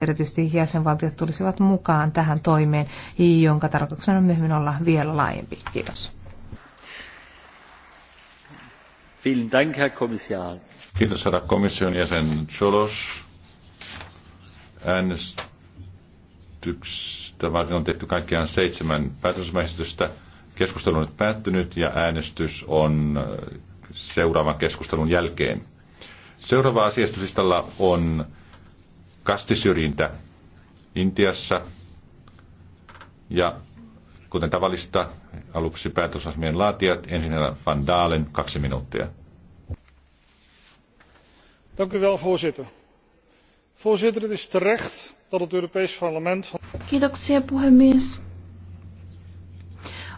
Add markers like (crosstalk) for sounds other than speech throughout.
erityisesti jäsenvaltiot tulisivat mukaan tähän toimeen, jonka tarkoituksena on myöhemmin olla vielä laajempi. Kiitos. Kiitos herra komission jäsen Cholos. Äänestyksestä varten on tehty kaikkiaan seitsemän päätösmäistystä. Keskustelu on nyt päättynyt ja äänestys on äh, seuraavan keskustelun jälkeen. Seuraava asiastuslistalla on kastisyrjintä Intiassa. Ja kuten tavallista, aluksi päätösasmien laatijat, ensin Van Daalen, kaksi minuuttia. Dank u wel, voorzitter. Voorzitter, het is terecht dat het Europees Parlement... Kiitoksia, puhemies.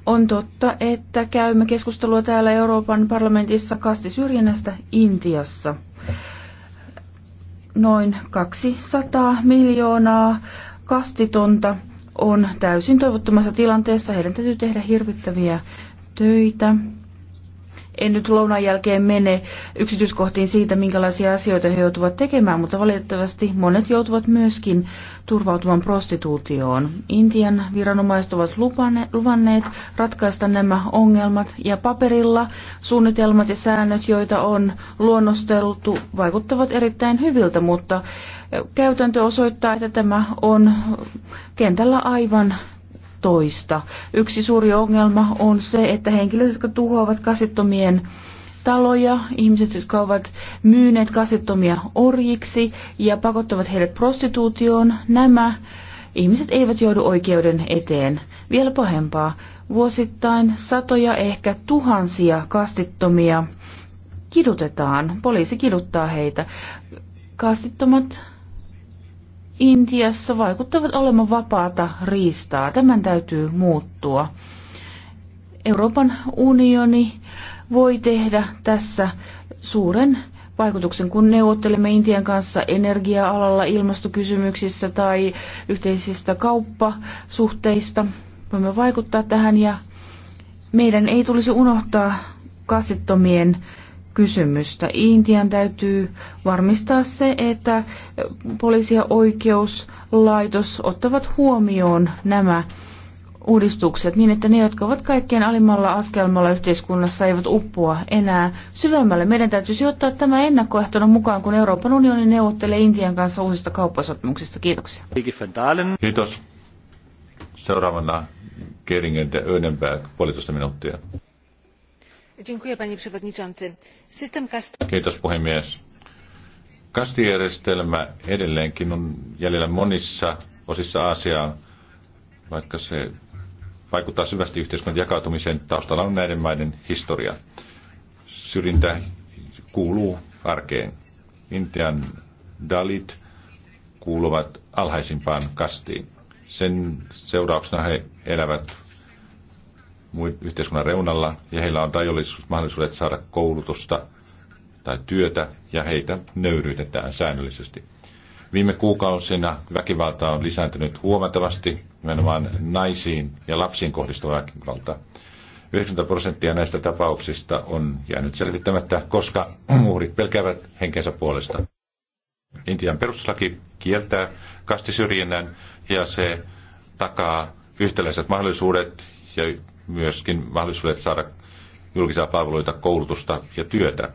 On totta, että käymme keskustelua täällä Euroopan parlamentissa kastisyrjinnästä Intiassa noin 200 miljoonaa kastitonta on täysin toivottomassa tilanteessa. Heidän täytyy tehdä hirvittäviä töitä en nyt lounan jälkeen mene yksityiskohtiin siitä, minkälaisia asioita he joutuvat tekemään, mutta valitettavasti monet joutuvat myöskin turvautumaan prostituutioon. Intian viranomaiset ovat luvanneet ratkaista nämä ongelmat ja paperilla suunnitelmat ja säännöt, joita on luonnosteltu, vaikuttavat erittäin hyviltä, mutta käytäntö osoittaa, että tämä on kentällä aivan toista. Yksi suuri ongelma on se, että henkilöt, jotka tuhoavat kasettomien taloja, ihmiset, jotka ovat myyneet kasettomia orjiksi ja pakottavat heidät prostituutioon, nämä ihmiset eivät joudu oikeuden eteen. Vielä pahempaa, vuosittain satoja, ehkä tuhansia kastittomia kidutetaan. Poliisi kiduttaa heitä. Kastittomat Intiassa vaikuttavat olemaan vapaata riistaa. Tämän täytyy muuttua. Euroopan unioni voi tehdä tässä suuren vaikutuksen, kun neuvottelemme Intian kanssa energia-alalla, ilmastokysymyksissä tai yhteisistä kauppasuhteista. Voimme vaikuttaa tähän ja meidän ei tulisi unohtaa kasittomien kysymystä. Intian täytyy varmistaa se, että poliisi- ja oikeuslaitos ottavat huomioon nämä uudistukset niin, että ne, jotka ovat kaikkein alimmalla askelmalla yhteiskunnassa, eivät uppoa enää syvemmälle. Meidän täytyisi ottaa tämä ennakkoehtona mukaan, kun Euroopan unioni neuvottelee Intian kanssa uusista kauppasopimuksista. Kiitoksia. Kiitos. Seuraavana Keringen ja Önenberg, puolitoista minuuttia. Kiitos puhemies. Kastijärjestelmä edelleenkin on jäljellä monissa osissa Aasiaa, vaikka se vaikuttaa syvästi yhteiskunnan jakautumiseen. Taustalla on näiden maiden historia. Syrjintä kuuluu arkeen. Intian dalit kuuluvat alhaisimpaan kastiin. Sen seurauksena he elävät yhteiskunnan reunalla ja heillä on tajollisuus mahdollisuudet saada koulutusta tai työtä ja heitä nöyryytetään säännöllisesti. Viime kuukausina väkivalta on lisääntynyt huomattavasti, nimenomaan naisiin ja lapsiin kohdistuva väkivalta. 90 prosenttia näistä tapauksista on jäänyt selvittämättä, koska (clears throat) uhrit pelkäävät henkensä puolesta. Intian perustuslaki kieltää kastisyrjinnän ja se takaa yhtäläiset mahdollisuudet ja myöskin mahdollisuudet saada julkisia palveluita, koulutusta ja työtä.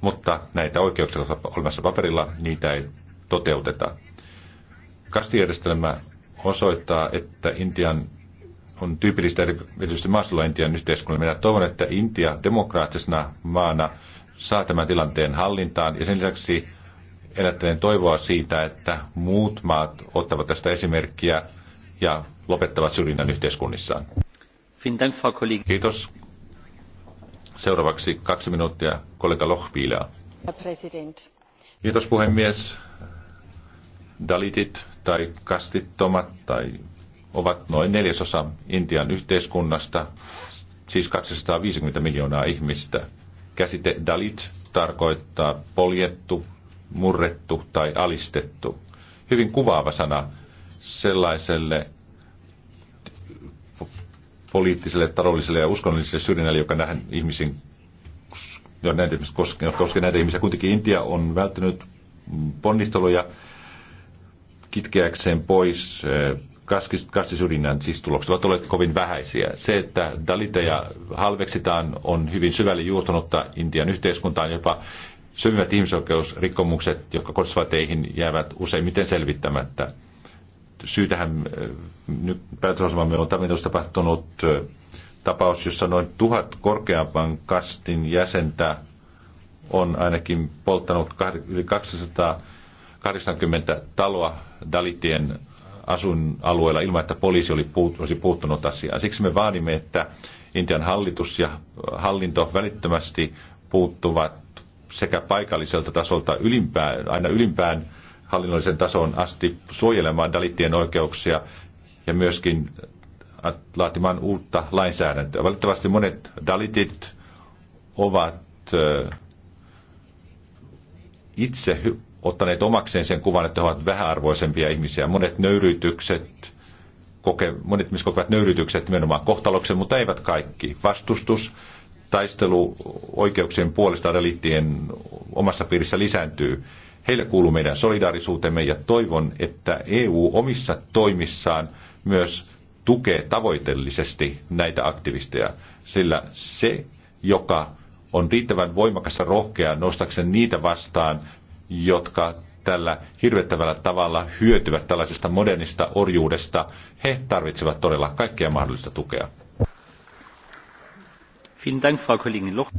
Mutta näitä oikeuksia on olemassa paperilla, niitä ei toteuteta. Kastijärjestelmä osoittaa, että Intian on tyypillistä erityisesti maastolla Intian yhteiskunnalle. Minä toivon, että Intia demokraattisena maana saa tämän tilanteen hallintaan ja sen lisäksi elättäen toivoa siitä, että muut maat ottavat tästä esimerkkiä ja lopettavat syrjinnän yhteiskunnissaan. Kiitos. Seuraavaksi kaksi minuuttia kollega Lohpiilaa. Kiitos puhemies. Dalitit tai kastittomat tai ovat noin neljäsosa Intian yhteiskunnasta, siis 250 miljoonaa ihmistä. Käsite Dalit tarkoittaa poljettu, murrettu tai alistettu. Hyvin kuvaava sana sellaiselle poliittiselle, taloudelliselle ja uskonnolliselle syrjinnälle, joka nähdään ihmisiin, jo näitä koskee, koskee näitä ihmisiä. Kuitenkin Intia on välttänyt ponnisteluja kitkeäkseen pois eh, kastisyrjinnän siis tulokset ovat olleet kovin vähäisiä. Se, että daliteja halveksitaan, on hyvin syvälle juotunutta Intian yhteiskuntaan. Jopa syvimmät ihmisoikeusrikkomukset, jotka kotsvateihin teihin, jäävät useimmiten selvittämättä syytähän äh, nyt päätösosamme on tämmöinen tapahtunut äh, tapaus, jossa noin tuhat korkeampan kastin jäsentä on ainakin polttanut yli 280 taloa Dalitien asuinalueella ilman, että poliisi oli puut, olisi puuttunut asiaan. Siksi me vaadimme, että Intian hallitus ja hallinto välittömästi puuttuvat sekä paikalliselta tasolta ylimpään, aina ylimpään hallinnollisen tason asti suojelemaan dalittien oikeuksia ja myöskin laatimaan uutta lainsäädäntöä. Valitettavasti monet dalitit ovat itse ottaneet omakseen sen kuvan, että he ovat vähäarvoisempia ihmisiä. Monet nöyrytykset, koke, monet ihmiset kokevat nöyrytykset nimenomaan kohtaloksen, mutta eivät kaikki. Vastustus, taistelu oikeuksien puolesta dalittien omassa piirissä lisääntyy. Heille kuuluu meidän solidaarisuutemme ja toivon, että EU omissa toimissaan myös tukee tavoitellisesti näitä aktivisteja, sillä se, joka on riittävän voimakas ja rohkea nostakseen niitä vastaan, jotka tällä hirvettävällä tavalla hyötyvät tällaisesta modernista orjuudesta, he tarvitsevat todella kaikkea mahdollista tukea.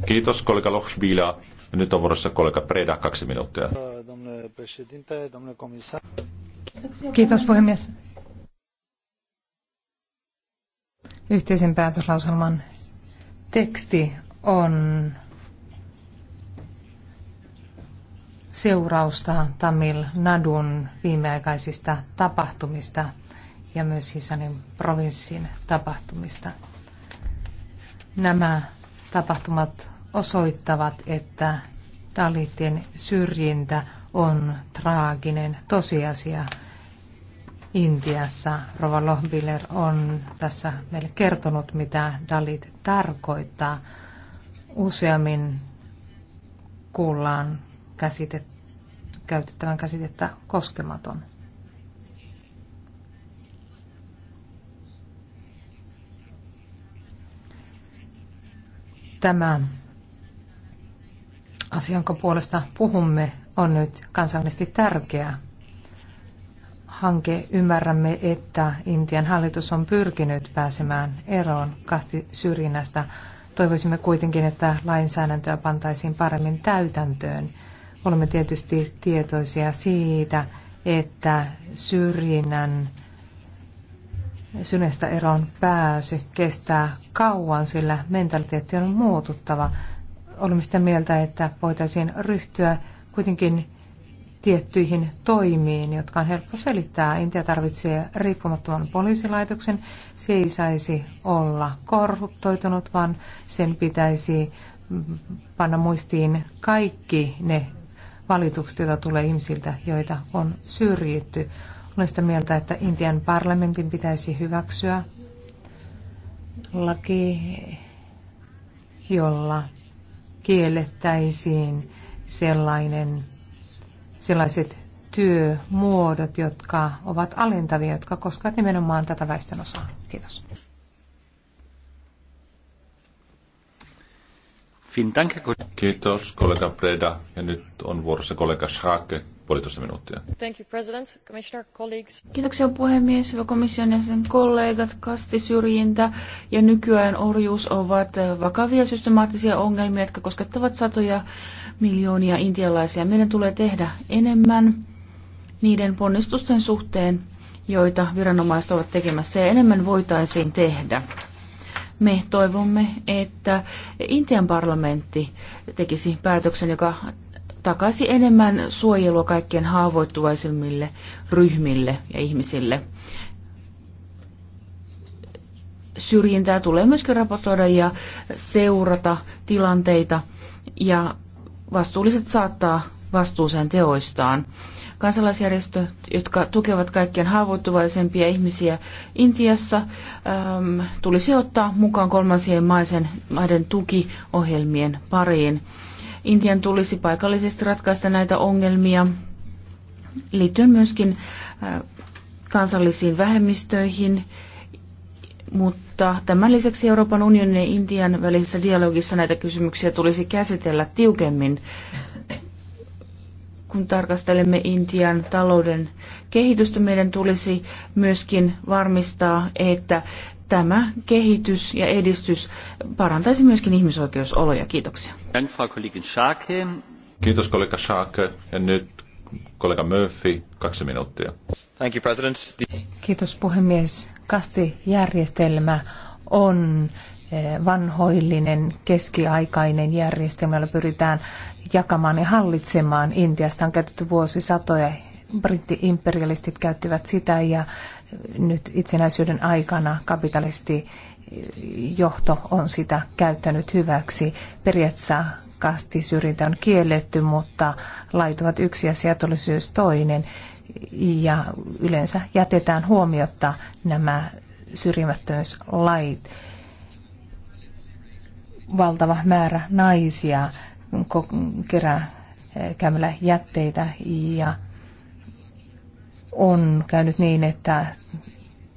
Kiitos kollega Lochbila. Nyt on vuorossa kollega Preda, kaksi minuuttia președinte, domnule comisar. Kiitos puhemies. Yhteisen päätöslauselman teksti on seurausta Tamil Nadun viimeaikaisista tapahtumista ja myös Hisanin provinssin tapahtumista. Nämä tapahtumat osoittavat, että dalitien syrjintä on traaginen tosiasia. Intiassa Rova Lohbiller on tässä meille kertonut, mitä Dalit tarkoittaa. Useammin kuullaan käsite, käytettävän käsitettä koskematon. Tämä asia, jonka puolesta puhumme, on nyt kansainvälisesti tärkeä hanke. Ymmärrämme, että Intian hallitus on pyrkinyt pääsemään eroon kasti syrjinnästä. Toivoisimme kuitenkin, että lainsäädäntöä pantaisiin paremmin täytäntöön. Olemme tietysti tietoisia siitä, että syrjinnän synestä eroon pääsy kestää kauan, sillä mentaliteetti on muututtava. Olemme sitä mieltä, että voitaisiin ryhtyä kuitenkin tiettyihin toimiin, jotka on helppo selittää. Intia tarvitsee riippumattoman poliisilaitoksen. Se ei saisi olla korruptoitunut, vaan sen pitäisi panna muistiin kaikki ne valitukset, joita tulee ihmisiltä, joita on syrjitty. Olen sitä mieltä, että Intian parlamentin pitäisi hyväksyä laki, jolla kiellettäisiin sellainen, sellaiset työmuodot, jotka ovat alentavia, jotka koskevat nimenomaan tätä väestönosaa. Kiitos. Kiitos kollega Preda. Ja nyt on vuorossa kollega Schake puolitoista minuuttia. Thank you, President. Commissioner, colleagues. Kiitoksia puhemies, hyvä komission jäsen kollegat. Kastisyrjintä ja nykyään orjuus ovat eh, vakavia systemaattisia ongelmia, jotka koskettavat satoja miljoonia intialaisia. Meidän tulee tehdä enemmän niiden ponnistusten suhteen, joita viranomaiset ovat tekemässä ja enemmän voitaisiin tehdä. Me toivomme, että Intian parlamentti tekisi päätöksen, joka takasi enemmän suojelua kaikkien haavoittuvaisimmille ryhmille ja ihmisille. Syrjintää tulee myöskin raportoida ja seurata tilanteita ja vastuulliset saattaa vastuuseen teoistaan. Kansalaisjärjestöt, jotka tukevat kaikkien haavoittuvaisempia ihmisiä Intiassa, äm, tulisi ottaa mukaan kolmansien maiden tukiohjelmien pariin. Intian tulisi paikallisesti ratkaista näitä ongelmia liittyen myöskin kansallisiin vähemmistöihin, mutta tämän lisäksi Euroopan unionin ja Intian välisessä dialogissa näitä kysymyksiä tulisi käsitellä tiukemmin, kun tarkastelemme Intian talouden kehitystä. Meidän tulisi myöskin varmistaa, että tämä kehitys ja edistys parantaisi myöskin ihmisoikeusoloja. Kiitoksia. Kiitos kollega Schaake. Ja nyt kollega Murphy, kaksi minuuttia. Thank you, President. Kiitos puhemies. Kastijärjestelmä on eh, vanhoillinen, keskiaikainen järjestelmä, jolla pyritään jakamaan ja hallitsemaan. Intiasta on käytetty vuosisatoja britti-imperialistit käyttivät sitä ja nyt itsenäisyyden aikana kapitalisti johto on sitä käyttänyt hyväksi. Periaatteessa kastisyrjintä on kielletty, mutta lait ovat yksi ja sietollisuus toinen. Ja yleensä jätetään huomiotta nämä syrjimättömyyslait. Valtava määrä naisia kerää eh, käymällä jätteitä ja on käynyt niin, että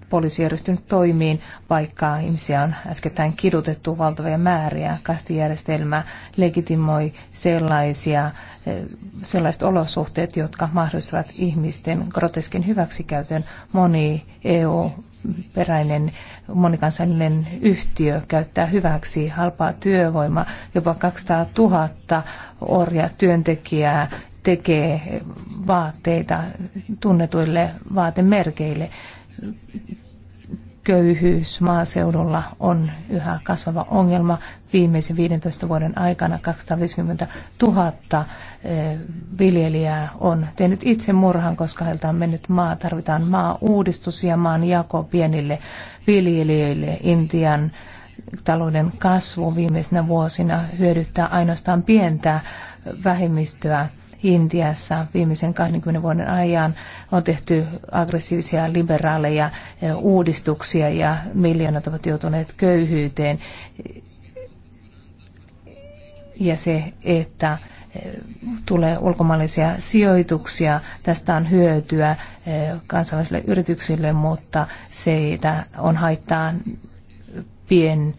poliisi on ryhtynyt toimiin, vaikka ihmisiä on äskettäin kidutettu valtavia määriä. Kastijärjestelmä legitimoi sellaisia, eh, sellaiset olosuhteet, jotka mahdollistavat ihmisten groteskin hyväksikäytön. Moni EU peräinen monikansallinen yhtiö käyttää hyväksi halpaa työvoimaa, jopa 200 000 orja työntekijää tekee vaatteita tunnetuille vaatemerkeille. Köyhyys maaseudulla on yhä kasvava ongelma. Viimeisen 15 vuoden aikana 250 000 eh, viljelijää on tehnyt itse murhan koska heiltä on mennyt maa. Tarvitaan maa-uudistus ja maan jako pienille viljelijöille Intian talouden kasvu viimeisinä vuosina hyödyttää ainoastaan pientä vähemmistöä Intiassa viimeisen 20 vuoden ajan on tehty aggressiivisia liberaaleja uudistuksia ja miljoonat ovat joutuneet köyhyyteen. Ja se, että tulee ulkomaalaisia sijoituksia. Tästä on hyötyä kansainvälisille yrityksille, mutta siitä on haittaa pien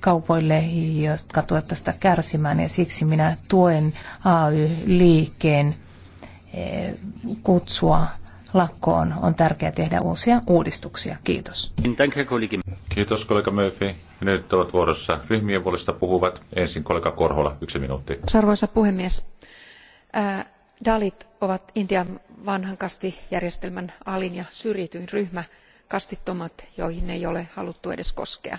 kaupoille, jotka tulevat tästä kärsimään ja siksi minä tuen AY-liikkeen eh, kutsua lakkoon. On tärkeää tehdä uusia uudistuksia. Kiitos. Kiitos kollega Murphy. Nyt ovat vuorossa ryhmien puolesta puhuvat. Ensin kollega Korhola, yksi minuutti. Arvoisa puhemies, Dalit ovat Intian vanhan kastijärjestelmän alin ja syrjityin ryhmä. kastittomat, joihin ei ole haluttu edes koskea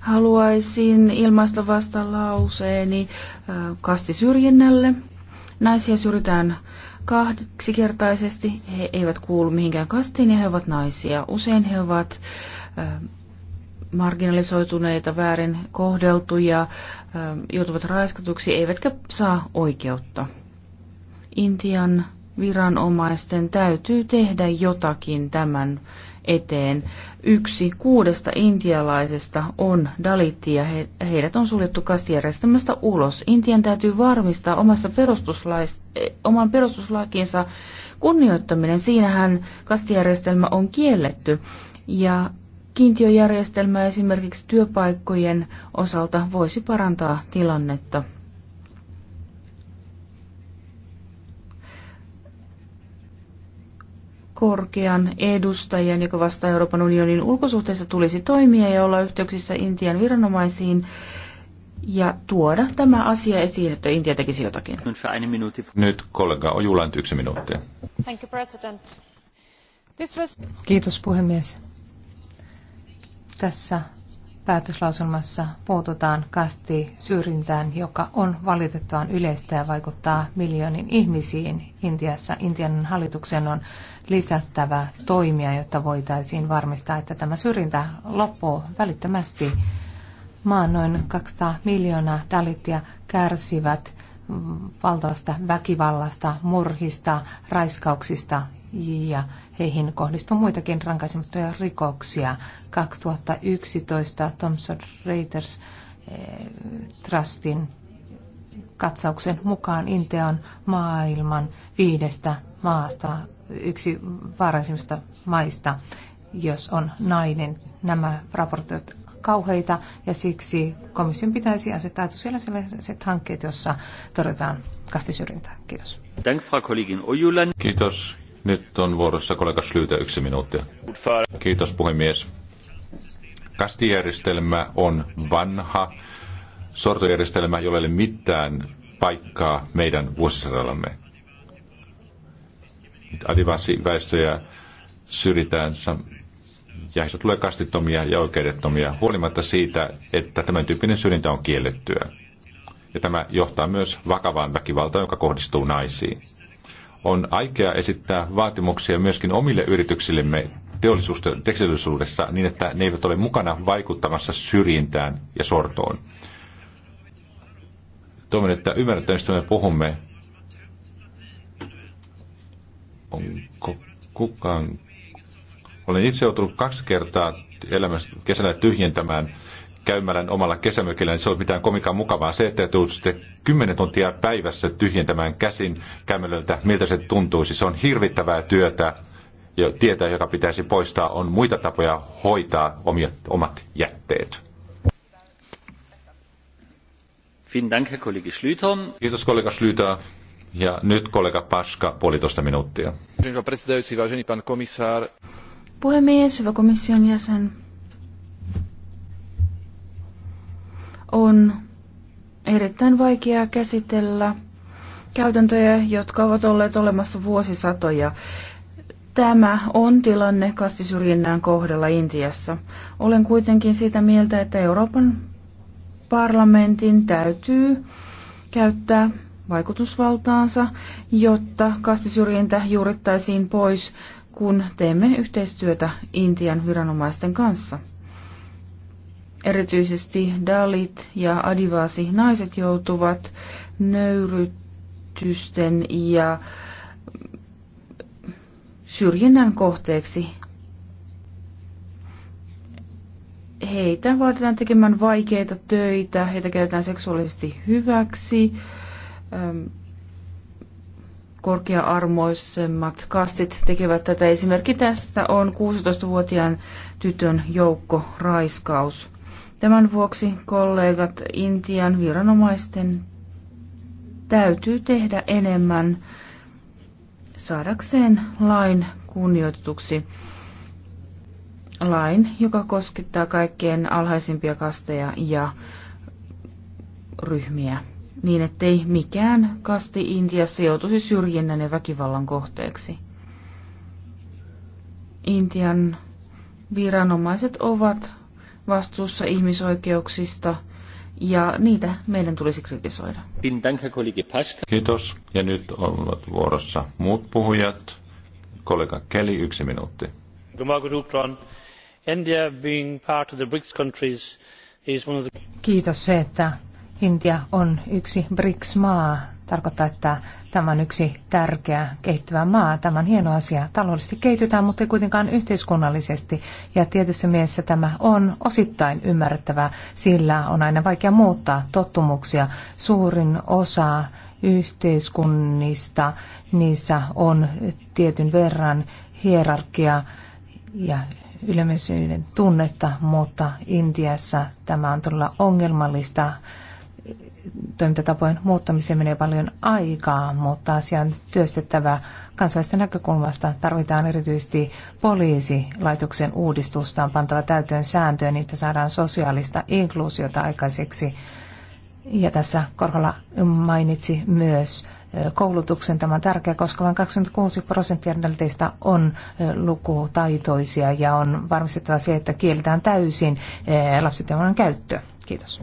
Haluaisin ilmaista lauseeni kastisyrjinnälle. Naisia syrjitään kertaisesti. He eivät kuulu mihinkään kastiin ja he ovat naisia. Usein he ovat marginalisoituneita, väärin kohdeltuja, joutuvat raiskatuksi, eivätkä saa oikeutta. Intian viranomaisten täytyy tehdä jotakin tämän eteen. Yksi kuudesta intialaisesta on dalitti ja he, heidät on suljettu kastijärjestelmästä ulos. Intian täytyy varmistaa omassa perustuslais, eh, oman perustuslakinsa kunnioittaminen. Siinähän kastijärjestelmä on kielletty ja kiintiöjärjestelmä esimerkiksi työpaikkojen osalta voisi parantaa tilannetta korkean edustajan, joka vastaa Euroopan unionin ulkosuhteessa, tulisi toimia ja olla yhteyksissä Intian viranomaisiin ja tuoda tämä asia esiin, että Intia tekisi jotakin. Nyt kollega Ojulant yksi minuutti. Kiitos puhemies. Tässä päätöslauselmassa puututaan kasti syrjintään, joka on valitettavan yleistä ja vaikuttaa miljoonin ihmisiin Intiassa. Intian hallituksen on lisättävä toimia, jotta voitaisiin varmistaa, että tämä syrjintä loppuu välittömästi. Maan noin 200 miljoonaa dalitia kärsivät valtavasta väkivallasta, murhista, raiskauksista ja heihin kohdistuu muitakin rankaisemattomia rikoksia. 2011 Thomson Reuters eh, Trustin katsauksen mukaan Intia on maailman viidestä maasta, yksi vaarallisimmista maista, jos on nainen. Nämä raportit kauheita ja siksi komission pitäisi asettaa siellä sellaiset hankkeet, joissa torjutaan kastisyrjintää. Kiitos. Kiitos nyt on vuorossa kollega Slyytä yksi minuutti. Kiitos puhemies. Kastijärjestelmä on vanha sortojärjestelmä, jolle ei ole mitään paikkaa meidän vuosisadallamme. Adivasi väestöjä syrjitään ja heistä tulee kastittomia ja oikeudettomia, huolimatta siitä, että tämän tyyppinen syrjintä on kiellettyä. Ja tämä johtaa myös vakavaan väkivaltaan, joka kohdistuu naisiin on aikea esittää vaatimuksia myöskin omille yrityksillemme teollisuudessa niin, että ne eivät ole mukana vaikuttamassa syrjintään ja sortoon. Toivon, että ymmärrätte, mistä me puhumme. Onko kukaan... Olen itse joutunut kaksi kertaa elämässä kesällä tyhjentämään käymälän omalla kesämökillä, niin se on mitään komikaan mukavaa. Se, että tulet sitten 10 tuntia päivässä tyhjentämään käsin kämmelöltä, miltä se tuntuisi. Se on hirvittävää työtä ja tietää, joka pitäisi poistaa, on muita tapoja hoitaa omia, omat jätteet. Kiitos kollega Schlüter. Ja nyt kollega Paska, puolitoista minuuttia. Puhemies, hyvä komission jäsen. on erittäin vaikeaa käsitellä käytäntöjä, jotka ovat olleet olemassa vuosisatoja. Tämä on tilanne kastisyrjinnän kohdalla Intiassa. Olen kuitenkin sitä mieltä, että Euroopan parlamentin täytyy käyttää vaikutusvaltaansa, jotta kastisyrjintä juurittaisiin pois, kun teemme yhteistyötä Intian viranomaisten kanssa erityisesti Dalit ja Adivasi naiset joutuvat nöyrytysten ja syrjinnän kohteeksi. Heitä vaaditaan tekemään vaikeita töitä, heitä käytetään seksuaalisesti hyväksi, ähm, korkea-armoisemmat kastit tekevät tätä. Esimerkki tästä on 16-vuotiaan tytön joukko raiskaus. Tämän vuoksi kollegat Intian viranomaisten täytyy tehdä enemmän saadakseen lain kunnioitetuksi. Lain, joka koskettaa kaikkien alhaisimpia kasteja ja ryhmiä, niin ettei mikään kasti Intiassa joutuisi syrjinnän ja väkivallan kohteeksi. Intian viranomaiset ovat vastuussa ihmisoikeuksista ja niitä meidän tulisi kritisoida. Kiitos. Ja nyt ovat vuorossa muut puhujat. Kollega Kelly, yksi minuutti. Kiitos se, että Intia on yksi BRICS-maa tarkoittaa, että tämä on yksi tärkeä kehittyvä maa. Tämä on hieno asia. Taloudellisesti kehitytään, mutta ei kuitenkaan yhteiskunnallisesti. Ja tietyssä mielessä tämä on osittain ymmärrettävää, sillä on aina vaikea muuttaa tottumuksia. Suurin osa yhteiskunnista, niissä on tietyn verran hierarkia ja ylemmäisyyden tunnetta, mutta Intiassa tämä on todella ongelmallista toimintatapojen muuttamiseen menee paljon aikaa, mutta asian työstettävä kansalaisten näkökulmasta tarvitaan erityisesti poliisilaitoksen uudistusta on pantava täytöön sääntöön, niin että saadaan sosiaalista inkluusiota aikaiseksi. Ja tässä Korhola mainitsi myös koulutuksen. Tämä on tärkeä, koska vain 26 prosenttia näilteistä on lukutaitoisia ja on varmistettava se, että kielletään täysin lapsityövoiman käyttö. Kiitos.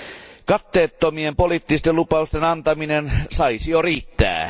katteettomien poliittisten lupausten antaminen saisi jo riittää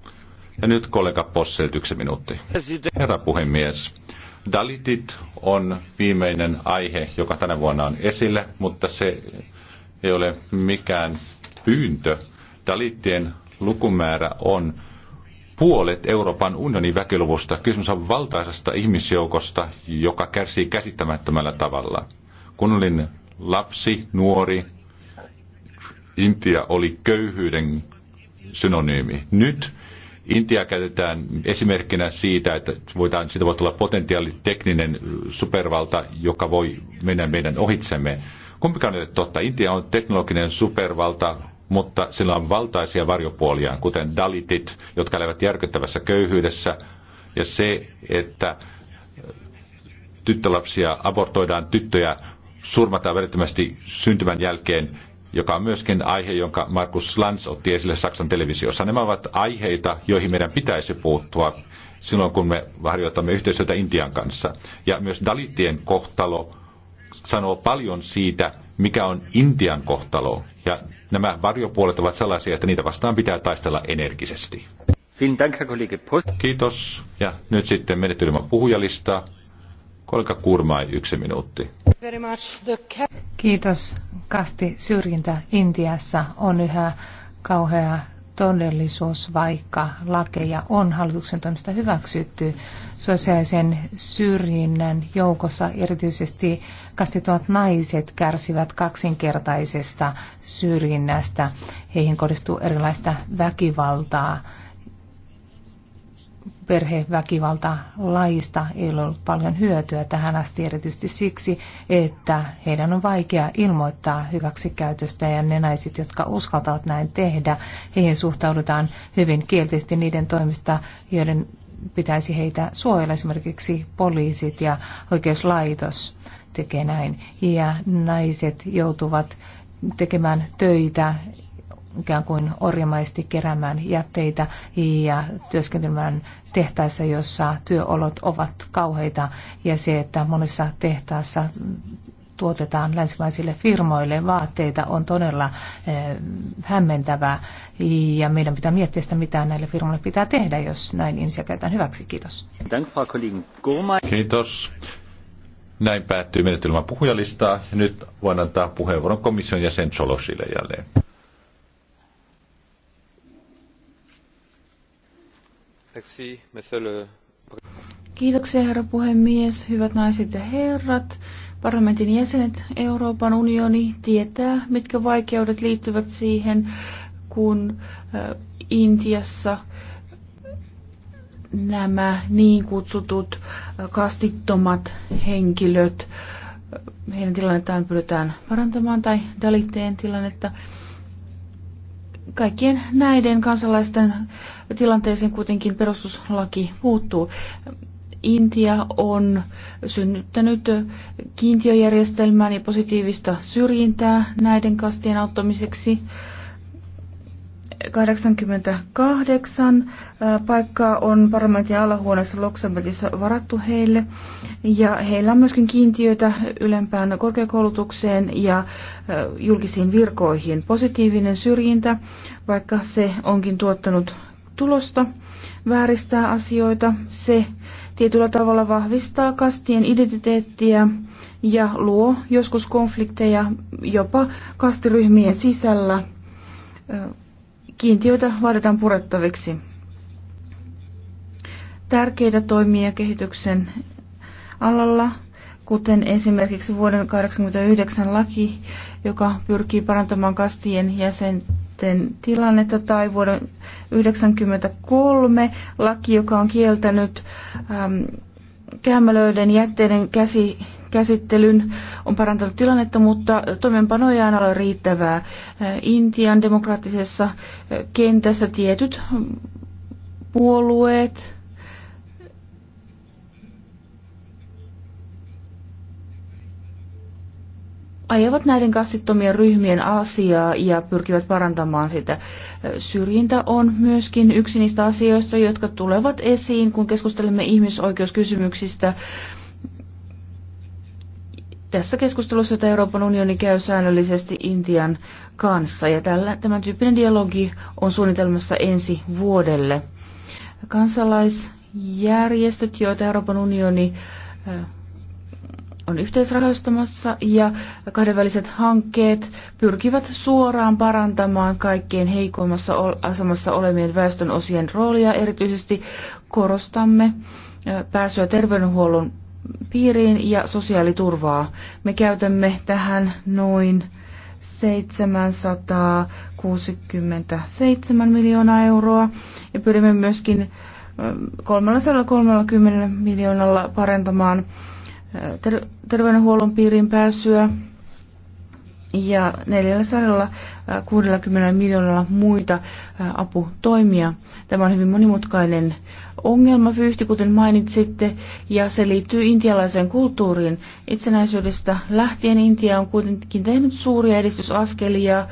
Ja nyt kollega Posselt yksi minuutti. Herra puhemies, Dalitit on viimeinen aihe, joka tänä vuonna on esillä, mutta se ei ole mikään pyyntö. Dalittien lukumäärä on puolet Euroopan unionin väkiluvusta. Kysymys on valtaisesta ihmisjoukosta, joka kärsii käsittämättömällä tavalla. Kun olin lapsi, nuori, Intia oli köyhyyden synonyymi. Nyt Intia käytetään esimerkkinä siitä, että voidaan, siitä voi tulla potentiaali tekninen supervalta, joka voi mennä meidän ohitsemme. Kumpikaan ei totta. Intia on teknologinen supervalta, mutta sillä on valtaisia varjopuoliaan, kuten dalitit, jotka elävät järkyttävässä köyhyydessä, ja se, että tyttölapsia abortoidaan, tyttöjä surmataan välittömästi syntymän jälkeen, joka on myöskin aihe, jonka Markus Lanz otti esille Saksan televisiossa. Nämä ovat aiheita, joihin meidän pitäisi puuttua silloin, kun me harjoitamme yhteistyötä Intian kanssa. Ja myös Dalitien kohtalo sanoo paljon siitä, mikä on Intian kohtalo. Ja nämä varjopuolet ovat sellaisia, että niitä vastaan pitää taistella energisesti. Kiitos. Ja nyt sitten menettelymä puhujalistaa. Kolika Kurmai, yksi minuutti. Kiitos. Kasti syrjintä Intiassa on yhä kauhea todellisuus, vaikka lakeja on hallituksen toimesta hyväksytty. Sosiaalisen syrjinnän joukossa erityisesti kastituvat naiset kärsivät kaksinkertaisesta syrjinnästä. Heihin kohdistuu erilaista väkivaltaa perheväkivalta laista ei ole ollut paljon hyötyä tähän asti, erityisesti siksi, että heidän on vaikea ilmoittaa hyväksikäytöstä ja ne naiset, jotka uskaltavat näin tehdä, heihin suhtaudutaan hyvin kielteisesti niiden toimista, joiden pitäisi heitä suojella, esimerkiksi poliisit ja oikeuslaitos tekee näin. Ja naiset joutuvat tekemään töitä ikään kuin orjamaisesti keräämään jätteitä ja työskentelemään tehtaissa, jossa työolot ovat kauheita ja se, että monessa tehtaassa tuotetaan länsimaisille firmoille vaatteita on todella eh, hämmentävää ja meidän pitää miettiä sitä, mitä näille firmoille pitää tehdä, jos näin ihmisiä käytetään hyväksi. Kiitos. Kiitos. Näin päättyy menetelmän puhujalistaa nyt voin antaa puheenvuoron komission jäsen Solosille jälleen. Kiitoksia herra puhemies, hyvät naiset ja herrat. Parlamentin jäsenet Euroopan unioni tietää, mitkä vaikeudet liittyvät siihen, kun Intiassa nämä niin kutsutut kastittomat henkilöt, heidän tilannettaan pyritään parantamaan tai Daliteen tilannetta kaikkien näiden kansalaisten tilanteeseen kuitenkin perustuslaki puuttuu. Intia on synnyttänyt kiintiöjärjestelmään ja positiivista syrjintää näiden kastien auttamiseksi. 88 paikkaa on parlamentin alahuoneessa Luxemburgissa varattu heille. Ja heillä on myöskin kiintiöitä ylempään korkeakoulutukseen ja julkisiin virkoihin. Positiivinen syrjintä, vaikka se onkin tuottanut tulosta, vääristää asioita. Se tietyllä tavalla vahvistaa kastien identiteettiä ja luo joskus konflikteja jopa kastiryhmien sisällä Kiintiöitä vaaditaan purettaviksi. Tärkeitä toimia kehityksen alalla, kuten esimerkiksi vuoden 1989 laki, joka pyrkii parantamaan kastien jäsenten tilannetta, tai vuoden 1993 laki, joka on kieltänyt ähm, käymälöiden jätteiden käsi käsittelyn, on parantanut tilannetta, mutta toimeenpano ei aina ole riittävää. Intian demokraattisessa kentässä tietyt puolueet, ajavat näiden kassittomien ryhmien asiaa ja pyrkivät parantamaan sitä. Syrjintä on myöskin yksi niistä asioista, jotka tulevat esiin, kun keskustelemme ihmisoikeuskysymyksistä tässä keskustelussa, jota Euroopan unioni käy säännöllisesti Intian kanssa. Ja tällä, tämän tyyppinen dialogi on suunnitelmassa ensi vuodelle. Kansalaisjärjestöt, joita Euroopan unioni on yhteisrahoistamassa ja kahdenväliset hankkeet pyrkivät suoraan parantamaan kaikkein heikoimmassa asemassa olevien väestön osien roolia. Erityisesti korostamme pääsyä terveydenhuollon piiriin ja sosiaaliturvaa. Me käytämme tähän noin 767 miljoonaa euroa ja pyrimme myöskin 330 miljoonalla parantamaan ter- terveydenhuollon piiriin pääsyä ja 460 miljoonalla muita aputoimia. Tämä on hyvin monimutkainen ongelmavyyhti, kuten mainitsitte, ja se liittyy intialaiseen kulttuuriin. Itsenäisyydestä lähtien Intia on kuitenkin tehnyt suuria edistysaskelia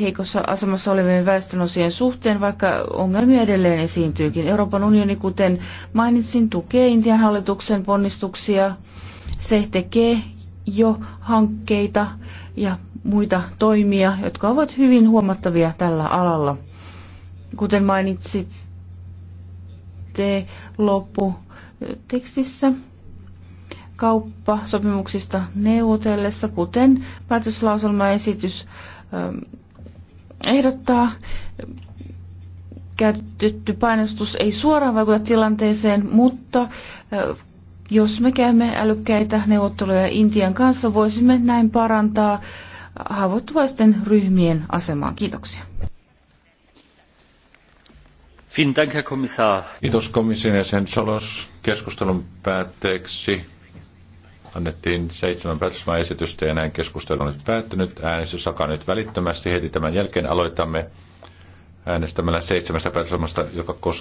heikossa asemassa olevien väestönosien suhteen, vaikka ongelmia edelleen esiintyykin. Euroopan unioni, kuten mainitsin, tukee Intian hallituksen ponnistuksia. Se tekee jo hankkeita ja muita toimia, jotka ovat hyvin huomattavia tällä alalla. Kuten mainitsit, lähtee loppu tekstissä kauppasopimuksista neuvotellessa, kuten päätöslauselmaesitys ähm, ehdottaa. Käytetty painostus ei suoraan vaikuta tilanteeseen, mutta äh, jos me käymme älykkäitä neuvotteluja Intian kanssa, voisimme näin parantaa haavoittuvaisten ryhmien asemaa. Kiitoksia. Kiitos komission jäsen Solos. Keskustelun päätteeksi annettiin seitsemän päätösmaesitystä ja näin keskustelu on nyt päättynyt. Äänestys alkaa nyt välittömästi. Heti tämän jälkeen aloitamme äänestämällä seitsemästä päätösmaasta, joka koskee